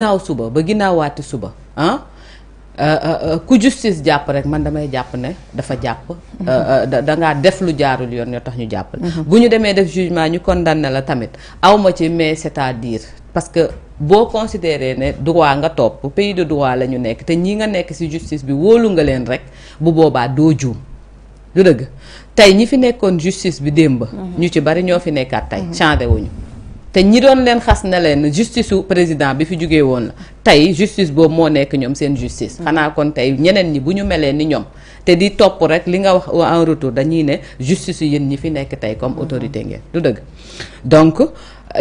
ginnaaw suba ba ginnaawaati suba ah euh, euh, euh, ku justice jàpp rek man damay jàpp ne dafa jàpp dangaa def lu jaarul yoon ñoo tax ñu jàpp mhm. bu ñu demee def jugement ñu condamné la tamit awma ci mais c'est-à-dire parce que boo considéré ne droit nga topp pays de droit la ñu nekk te ñi nga nekk ci justice bi wóolu nga leen rek bu boobaa doo juum du dëgg tey ñi fi nekkoon justice bi démb mhm. ñu ci bari ñoo fi nekkaat tey mhm. changé wuñu te ñi doon leen xas na leen justice su président bi fi jógee woon la tey justice boobu moo nekk ñoom seen justice. Mm-hmm. xanaa kon tey ñeneen ñi bu ñu melee ni ñoom. te di topp rek li nga wax en retour dañuy ne justice yéen ñi fi nekk tey comme mm-hmm. autorité ngeen du dëgg. donc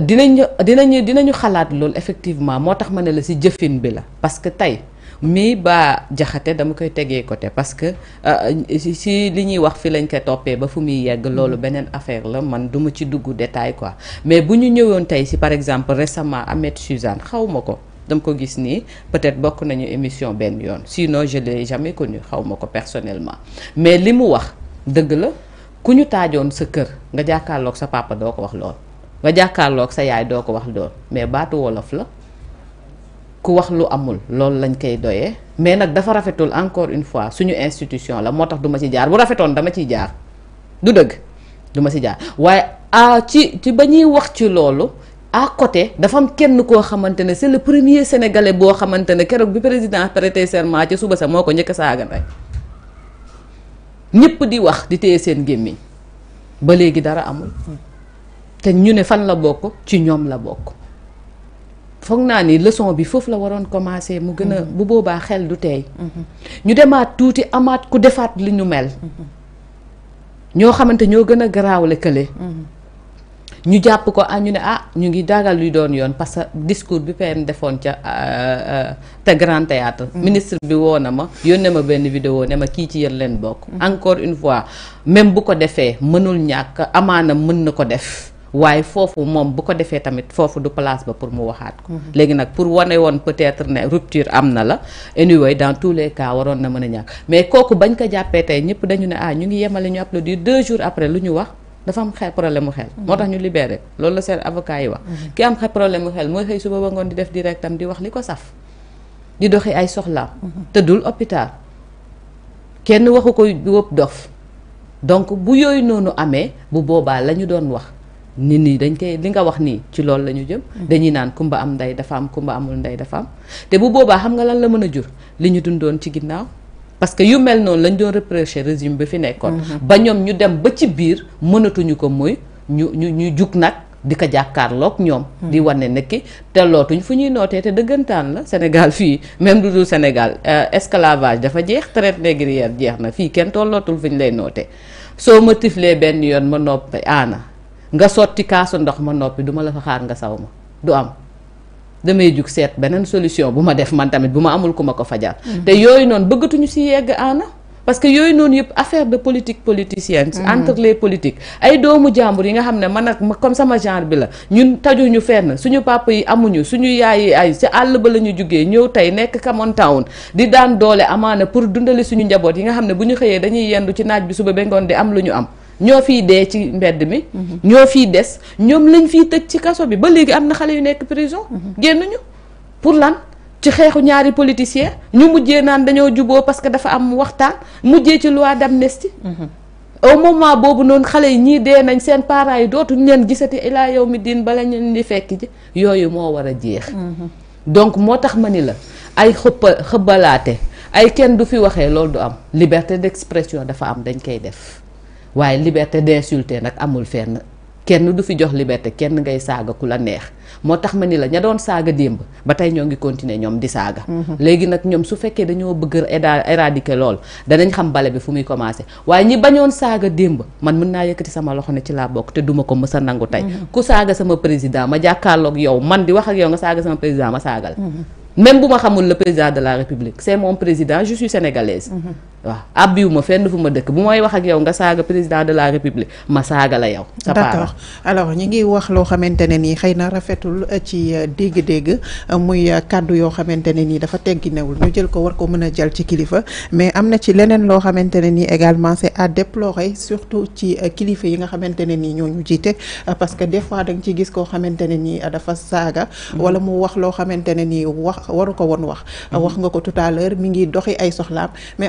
dinañ dinañu dinañu xalaat loolu effectivement moo tax ma ne la si jëfin bi la parce que tey. mais ba jaxate dama koy tegee côté parce que euh, si li ñuy wax fi lañ ko toppee ba fu muy yegg mm-hmm. loolu beneen affaire la man duma ma ci dugg détail quoi mais bu ñu ñëwoon tey si par exemple récemment Ahmed Suzanne xaw ma ko dama ko gis nii peut-être bokk nañu émission benn yoon sinon je l'ai jamais connu xaw ma ko personnellement mais li mu wax dëgg la ku ñu taajoon sa kër nga jàkkaarlook sa papa doo ko wax lool nga jàkkaarlook sa yaay doo ko wax lool mais baatu wolof la ku wax lu amul loolu lañ koy doye mais nak dafa rafetul encore une fois suñu institution la motax duma ci jaar bu rafetone dama ci jaar du deug duma ci jaar waye ah ci ci bañi wax ci loolu à côté dafa am kenn ko xamantene c'est le premier sénégalais bo xamantene kérok bi président prêté serment ci suba sa moko ñëk saaga ndey ñepp di wax di téye sen gemmi ba légui dara amul té ñu né fan la bokk ci ñom la bokk foog naa ni leçon bi foofu la waroon commencer mu gën a mm-hmm. bu boobaa xel du tey mm-hmm. ñu demaat tuuti amaat ku defaat li ñu mel mm-hmm. ñoo xamante ñoo gën a garaawle kële ñu jàpp ko ah ñu ne ah ñu ngi dagal luy doon yoon parce que discours bi PM defoon ca euh, euh, te grand théâtre ministre bi woo na ma yónnee ma benn video ne ma kii ci yéen leen bokk encore une fois même bu ko defee mënul ñàkk amaana mën na ko def waaye fofu mom bu ko defé tamit fofu du place ba pour mu waxat ko légui nak pour woné won peut-être ne rupture amna la anyway dans tous les cas waron na mëna ñak mais koku bañ ko jappé tay ñëpp dañu né ah ñu ngi yémalé ñu applaudir deux jours après lu ñu wax dafa am xel problème xel motax ñu libéré loolu la avocat yi wax ki am xel problème xel moy xey suba ba di def directam di wax liko saf di doxi ay soxlaam dul hôpital kenn waxuko ko dof donc bu yoy nonu amé bu boba lañu doon wax nit ñi dañ koy li nga wax nii ci loolu la ñu jëm mm-hmm. dañuy naan kumba am ndey dafa am kumba amul ndey dafa am te bu boobaa xam nga lan la mën a jur li ñu dundoon ci ginnaaw parce que yu mel noonu lañ doon reprocher régime bi fi nekkoon mm-hmm. ba ñoom ñu dem ba ci biir mënatuñu ko muy ñu ñu ñu jug nag di ko jàkkaarloog ñoom mm-hmm. di wane nekki te lootuñ fu ñuy nootee te dëggantaan la Sénégal fii même lu dul Sénégal euh, esclavage dafa jeex traite négrière jeex na fii kenn tollootul fu lay nootee soo ma benn yoon ma noppi aana nga sotti kaasu ndox ma noppi duma la fa xaar nga saw ma du am damay jug seet beneen solution bu ma def man tamit bu ma amul ku ma ko fajal mm-hmm. te yooyu noonu bëggatuñu si yegg aana parce que yooyu noonu yëpp affaire de politique politicienne mm-hmm. entre les politiques ay doomu jàmbur yi nga xam ne man ak comme sama genre bi la ñun tajuñu fenn suñu papa yi amuñu suñu yaay yi ay ci àll ba la ñu jugee ñëw tey nekk Cameroun Town di daan doole amaana pour dundali suñu njaboot nga xam ne bu ñu xëyee dañuy yendu ci naaj bi suba ba ngoon am lu ñu am ñoo fi dee ci mbedd mi. Mhm. ñoo fiy des ñoom lañ fiy tëj ci kaso bi ba léegi am na xale yu nekk prison. Mhm. génn ñu pour lan ci xeexu ñaari politiciens ñu mujjee naan dañoo juboo parce que dafa am waxtaan mujje ci loi d'amnistie. Mhm. au moment boobu noonu xale yi ñii dee nañ seen parents yi dootuñ leen gisati ilaa yow mi diin bala ñu ni fekk ji yooyu moo war a jeex. donc moo tax ma ni la ay xëppa xëbbalaate ay kenn du fi waxee loolu du am liberté d'expression dafa am dañ koy def. waaye liberté d'insulter nag amul fenn kenn du fi jox liberté kenn ngay saaga ku la neex moo tax ma ni la ña doon saaga démb ba tey ñoo ngi continuer ñoom di saaga mhm. léegi nag ñoom su fekkee dañoo bëgg éradiquer lool danañ xam bale bi fu muy commencer waaye ñi bañoon saaga démb man mun naa yëkkati sama loxo ne ci laa bokk te duma ko mës a nangu tey mhm. ku saaga sama président ma jàkkaarloog yow man di wax ak yow nga saaga sama président ma saagal mhm. même bu ma xamul le président de la république c'est mon président je suis waaw àbbiwuma fenn fu ma dëkk bu mooy wax ak yow nga saaga président de la république ma saaga la yow. sa d'accord alors ñi ngi wax loo xamante ne nii xëy na rafetul euh, ci euh, dégg-dégg euh, muy kàddu yoo xamante ne nii dafa newul ñu jël ko war ko mën a jël ci kilifa mais am na ci leneen loo xamante ne nii également c'est à déplorer surtout ci kilifa yi nga xamante ne nii ñoo ñu jiite parce que des fois da ciy gis koo xamante ne nii dafa saaga. Mm-hmm. wala mu wax loo xamante ne nii wax waru ko woon wax. Mm-hmm. wax nga ko tout à l'heure mi ngi doxi ay soxlaam mais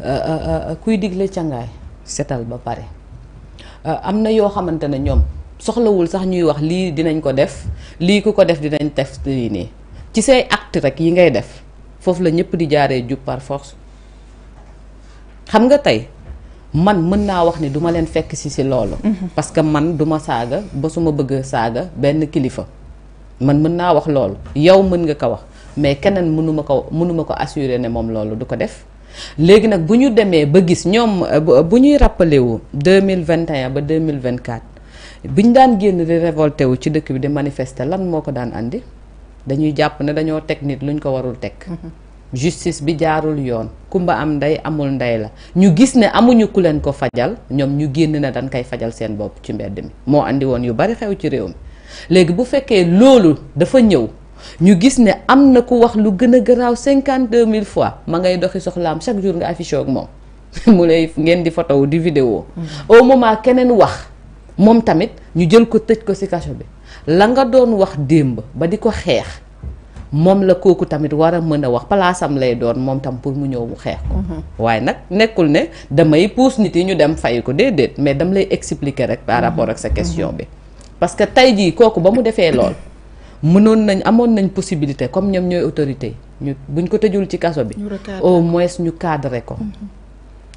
Eh, eh, eh, kuy digle cangaay setal ba pare am na yoo xamante ne ñoom soxlawul sax ñuy wax li dinañ ko def li ku ko def dinañ def lii ni ci say acte rek yi ngay def foofu la ñëpp di jaaree jub par force xam nga tay man mën na wax ni duma leen fekk si si loolu mhm. parce que man duma saaga ba su ma bëgg saaga kilifa man mën na wax loolu yow mën nga ko wax mais keneen mënuma ko mënuma ko assurer ne mom lolu du ko def léegi nag bu ñu demee ba gis ñoom euh, bu ñuy rappelé vingt 2021 ba mille vingt 2024 bi ñu daan génn di révolté wu ci dëkk bi di manifester lan moo ko daan indi dañuy jàpp ne dañoo teg nit luñ ko warul teg. Mm-hmm. justice bi jaarul yoon kumba am ndey amul ndey la ñu gis ne amuñu ku leen ko fajal ñoom ñu génn na dañ koy fajal seen bopp ci mbedd mi moo indi woon yu bari xew ci réew mi léegi bu fekkee loolu dafa ñëw. ñu gis ne am na ku wax lu gën a garaaw cinquante deux mille fois ma ngay doxi soxlaam chaque jour nga affiché ak moom mu lay ngeen di photo di vidéo mm-hmm. au moment keneen wax moom tamit ñu jël ko tëj ko ci kaso bi la nga doon wax démb ba di ko xeex moom la kooku tamit war a mën a wax palaasam lay doon moom tam pour mu ñëw mu xeex ko mm-hmm. waaye nag nekkul ne damay puus nit yi ñu dem fay ko déedéet mais dam lay expliquer rek par mm-hmm. rapport ak sa question bi parce que tey jii kooku ba mu defee lool mënoon nañ amoon nañ possibilité comme ñoom ñooy autorité ñu buñ ko tëjul ci kaso bi au moins ñu cadré ko mm-hmm.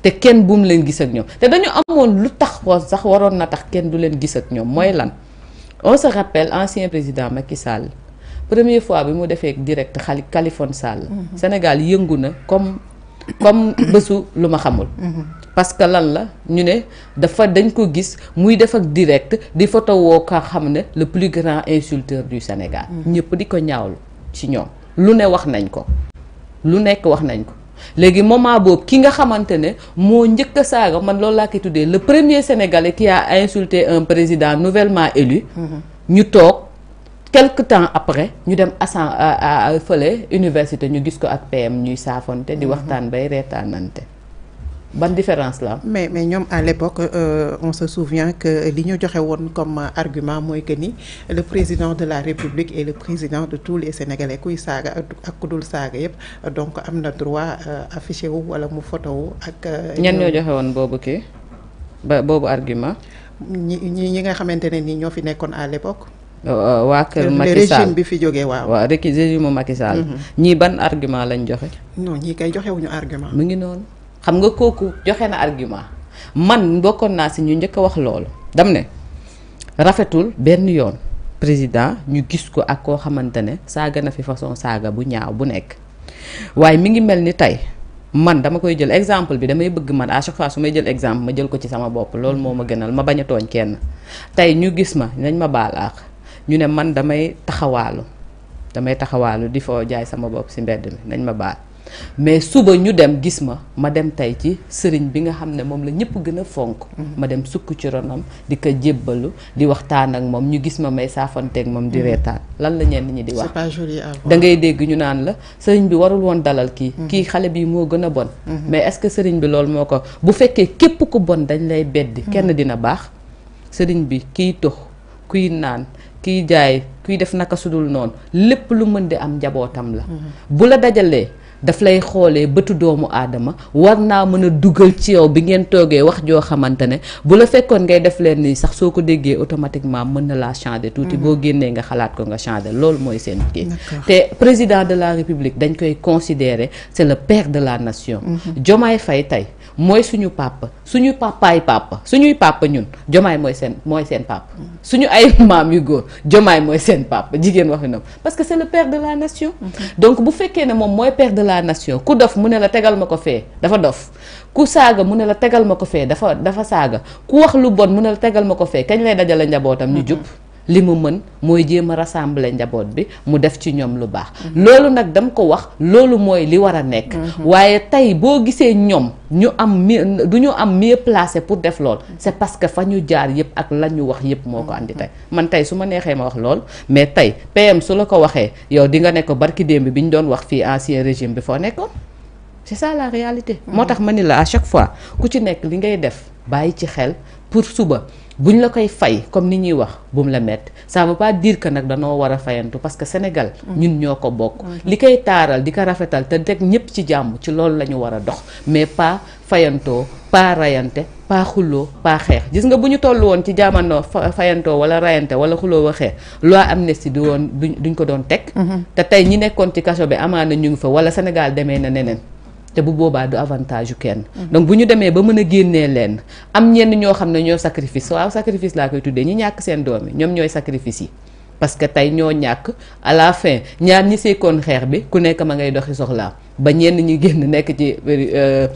te kenn buum leen gis ak ñoom te dañu amoon lu tax sax waroon na tax kenn du leen gis ak ñoom mooy lan on se rappelle ancien président Macky Sall premier fois bi mu defee direct xali Khaliphone Sall mm-hmm. Sénégal yëngu na comme comme bésu lu ma xamul mm-hmm. parce que lan la ñu né dafa dañ ko gis muy def ak direct di photo wo ka xamné le plus grand insulteur du Sénégal mm-hmm. ñëpp di ko ñaawlu ci ñom lu né wax nañ ko lu nekk wax nañ ko légui moment bob ki nga xamantene mo ñëkk saga man loolu la koy tuddee le premier sénégalais qui a insulté un président nouvellement élu mm-hmm. ñu tok quelque temps après ñu dem à feulé université ñu gis ko ak PM ñuy safonté di mm-hmm. waxtaan bay rétanante ban différence là mais mais nous à l'époque euh, on se souvient que li ñu joxe comme argument moi que ni le président de la république est le président de tous les sénégalais kuy saaga ak yépp donc am na droit euh, affiché wu wala mu photo wu ak. Euh, ñan ñoo joxe woon boobu kii ba argument. ñi ñi nga xamante ni ñoo fi nekkoon à l'époque. Euh, wa kër Macky régime bi fi jógee waaw. waaw régime Macky Sall. Mm-hmm. ñii ban argument lañ joxe. non ñii kay joxewuñu argument. mu ngi noonu. xam nga koku joxe na argument man bokon na ci ñu ñëk wax lool dam ne rafetul ben yoon président ñu gis ko ak ko xamantene saga na fi façon saga bu ñaaw bu nek waye mi ngi melni tay man dama koy jël exemple bi damay bëgg man à chaque fois sumay jël exemple ma jël ko ci sama bop. lool moma gënal ma baña togn kenn tay ñu gis ma ñañ ma ñu ne man damay taxawalu damay taxawalu di jaay sama bop ci mbedd mi nañ ma baal mais suba ñu dem gis ma ma dem tey ci sëriñ bi nga xam ne moom la ñëpp gën a fonk mhm. ma dem sukk ci ronam di ko jébbalu di waxtaan ak moom ñu gis ma may saafanteek moom di mhm. reetaan lan la ñenn ñi di wax da ngay dégg ñu naan la sëriñ bi warul woon dalal kii mhm. kii xale bi moo gën a bon mais est-ce que sëriñ bi loolu moo ko bu fekkee képp ko bon dañ lay beddi kenn dina baax sëriñ bi kiy tox kuy naan kiy jaay kuy def naka sudul noonu lépp lu mën di am njabootam la daf lay xoolee bëtu doomu aadama war naa mën a dugal ci yow bi ngeen toogee wax joo xamante ne bu la fekkoon ngay def leen nii sax soo ko déggee automatiquement mën na laa changer tuuti mm-hmm. boo génnee nga xalaat ko nga changer loolu mooy seen kii te président de la république dañ koy considérer c'est le père de la nation mm-hmm. Diomaye fay tey mooy suñu papa suñu papaay papa suñuy papa ñun jomaay mooy seen mooy seen papa suñu ay maam yu góor jomaay mooy seen papa jigéen waxi na parce que c'est le père de la nation mm-hmm. donc bu fekkee ne moom mooy père de la nation ku dof mu ne la tegal ma ko fee dafa dof ku saaga mu ne la tegal ma ko fee dafa dafa saaga ku wax lu bon mu ne la tegal ma ko fee kañ lay dajale njabootam ñu mm-hmm. jub li mu mën mooy jéem a rassembler njaboot bi mu def ci ñoom lu baax mhm. loolu nag dam ko wax loolu mooy li war a nekk mhm. waaye tey boo gisee ñoom ñu am mieux du ñu am mieux placé pour def lool mhm. c'est parce que fa ñu jaar yëpp ak la ñu wax yëpp moo ko andi tey man tey su ma neexee ma wax lool mais tey PM su la ko waxee yow di nga nekk barki démb bi ñu doon wax fii ancien régime bi foo nekkoon c'est ça la réalité moo tax ma ni la à chaque fois ku ci nekk li ngay def bàyyi ci xel pour suba buñ la koy fay comme ni ñuy wax bu mu la métti ça veut pas dire nag danoo war a fayantu parce que Sénégal mm. ñun ñoo ko bokk mm. li koy taaral di ko rafetal te teg ñëpp ci jàmm ci loolu la ñu war a dox mais pas fayantoo pas rayante pas xuloo pas xeex gis nga bu ñu toll woon ci jamono fayantoo wala rayante wala xuloo waxee xeex loi amnistie du woon duñ ko doon teg mm-hmm. te tey ñi nekkoon ci kaso bi amaana ñu ngi fa wala Sénégal demee na neneen te bu boobaa du avantage u kenn. donc bu ñu demee ba mën a génnee leen am ñenn ñoo xam ne ñoo sacrifice waaw sacrifice laa koy tuddee ñi ñàkk seen doom yi ñoom ñooy sacrifice yi. parce que tey ñoo ñàkk à la fin ñaar ñi seekoon xeex bi ku nekk ma ngay doxi soxlaa ba ñenn ñi génn nekk ci. Euh,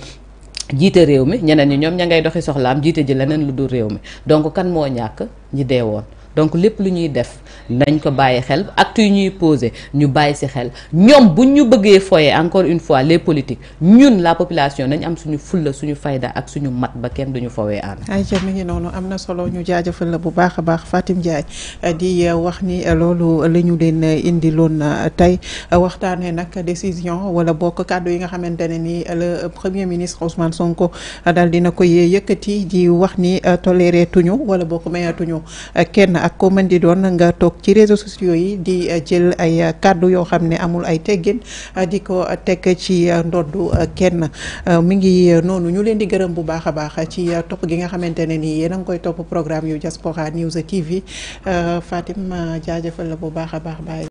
jiite réew mi ñeneen ñi ñoom ña ngay doxi soxlaam jiite ji leneen lu dul réew mi donc kan moo ñàkk ñi deewoon donc lépp lu ñuy def nañ ko bàyyi xel actes yi ñuy posé ñu bàyyi si xel ñoom bu ñu bëggee foye encore une fois les politique ñun la population nañ am suñu fulla suñu fayda ak suñu mat ba kenn duñu foyee ànd. ay ca mi ngi noonu am na solo ñu jaajëfal la bu baax a baax faatim Ndiaye eh, di eh, wax ni eh, loolu la ñu leen indi loon tey waxtaanee nag décision wala bokk kàddu yi nga xamante ne ni le premier ministre Ousmane Sonko daal dina koy yëkkati di wax ni toléré wala bokk mayatuñu ak ko mën di doon nga toog ci réseaux sociaux yi di eh, jël ay eh, kàddu yoo xam ne amul ay teggin eh, di ko teg ci ndoddu kenn mu ngi noonu ñu leen di gërëm bu baax a baax ci topp gi nga xamante ne nii yéen a ngi koy topp programme yu Diaspora News TV Fatim jaajëfal la bu baax a baax bàyyi